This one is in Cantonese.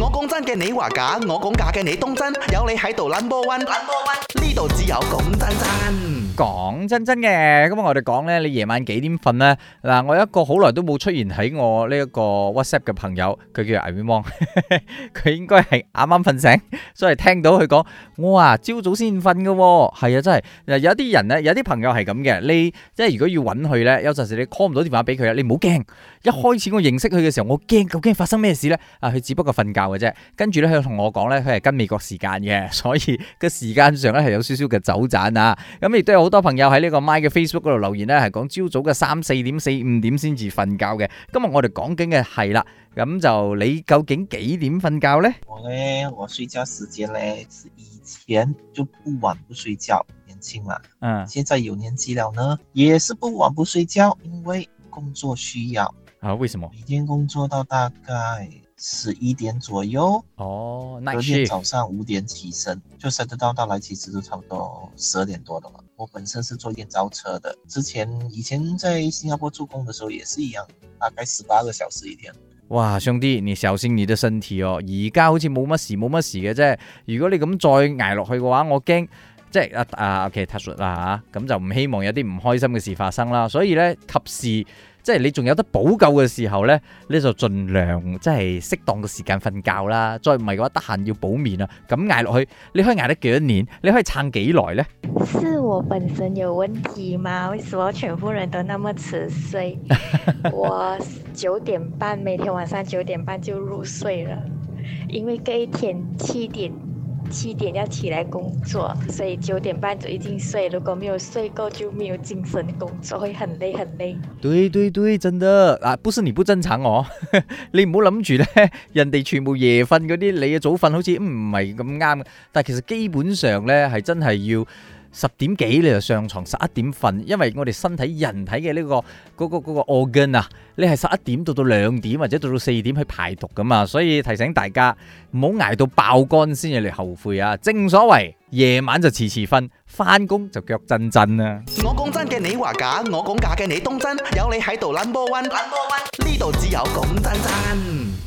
我講真嘅，你話假的；我講假嘅，你當真。有你喺度，number one，呢度只有講真真。講真真嘅，咁我哋講呢，你夜晚幾點瞓呢？嗱，我一個好耐都冇出現喺我呢一個 WhatsApp 嘅朋友，佢叫倪威芒，佢應該係啱啱瞓醒，所以聽到佢講，「我啊朝早先瞓喎。」係啊真係，有啲人呢，有啲朋友係咁嘅，你即係如果要搵佢呢，有陣時你 call 唔到電話俾佢，你唔好驚，一開始我認識佢嘅時候，我驚，究竟發生咩事呢？啊，佢只不過瞓覺嘅啫，跟住呢，佢同我講呢，佢係跟美國時間嘅，所以個時間上呢，係有少少嘅走盞啊，咁亦都有。好多朋友喺呢個 MY 嘅 Facebook 度留言呢，係講朝早嘅三四點、四五點先至瞓覺嘅。今日我哋講緊嘅係啦，咁就你究竟幾點瞓覺呢？我呢，我睡覺時間呢，是以前就不晚不睡覺，年輕嘛。嗯。現在有年紀了呢，也是不晚不睡覺，因為工作需要。啊？為什麼？每天工作到大概。十一點左右哦，那天、oh, nice. 早上五點起身，就 s e 到到來。其實都差不多十二點多嘛。我本身是做夜招車的，之前以前在新加坡做工的時候也是一樣，大概十八個小時一天。哇，兄弟，你小心你的身體哦。而家好似冇乜事，冇乜事嘅啫。如果你咁再挨落去嘅話，我驚。即係啊啊，OK，特殊啦吓，咁就唔希望有啲唔開心嘅事發生啦。所以咧，及時即係你仲有得補救嘅時候咧，你就盡量即係適當嘅時間瞓覺啦。再唔係嘅話，得閒要補眠啊。咁挨落去，你可以挨得幾多年？你可以撐幾耐咧？是我本身有問題嗎？為什麼全部人都那麼遲睡？我九點半，每天晚上九點半就入睡了，因為隔一天七點。七點要起來工作，所以九點半就已經睡。如果沒有睡夠，就沒有精神工作，會很累很累。對對對，真的啊，不是 你不正常哦，你唔好諗住咧，人哋全部夜瞓嗰啲，你嘅早瞓好似唔係咁啱。但其實基本上咧，係真係要。十點幾你就上床，十一點瞓，因為我哋身體、人體嘅呢個嗰個嗰個 organ 啊，你係十一點到到兩點或者到到四點去排毒噶嘛，所以提醒大家唔好挨到爆肝先至嚟後悔啊！正所謂夜晚就遲遲瞓，翻工就腳震震啊！我講真嘅，你話假；我講假嘅，你當真。有你喺度 number one，number one，呢度只有講真真。